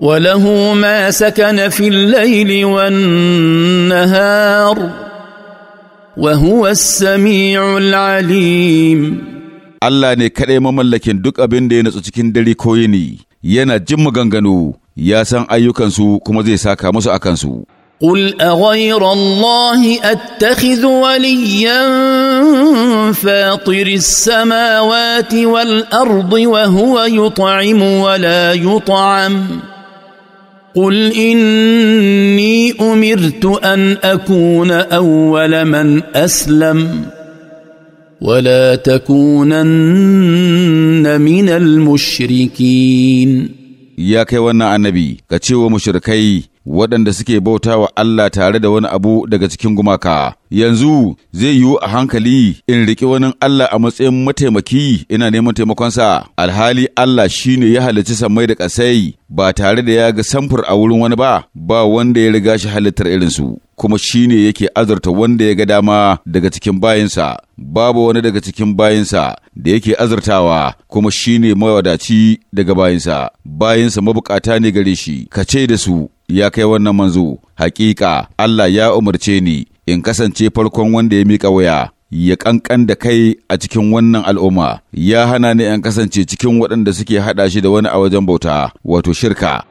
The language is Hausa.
وله ما سكن في الليل والنهار وهو السميع العليم الله ne kaɗai mamallakin duk abin da ya natsu cikin dare ko yini yana jin maganganu ya san ayyukansu kuma zai saka musu a kansu. قل أغير الله أتخذ وليا فاطر السماوات والأرض وهو يطعم ولا يطعم قل اني امرت ان اكون اول من اسلم ولا تكونن من المشركين يا كي وانا النبي كتشي مشركي waɗanda suke bauta wa Allah tare da wani abu daga cikin gumaka. Yanzu zai yiwu a hankali in riƙe wani Allah a matsayin mataimaki ina neman taimakonsa, alhali Allah shi ne ya halarci samai da ƙasai ba tare da ya ga samfur a wurin wani ba, ba wanda ya riga shi halittar irinsu. Kuma shi ne yake azurta wanda ya ga dama daga cikin bayinsa, babu wani daga cikin bayinsa da yake azurtawa kuma shi ne mawadaci daga bayinsa, bayinsa mabukata ne gare shi, ka ce da su ya kai wannan manzo, hakika Allah ya umarce ni in kasance farkon wanda ya miƙa waya, ya ƙanƙan da kai a cikin wannan al'umma, ya hana ni in kasance cikin waɗanda suke haɗa shi da wani a wajen bauta, wato shirka.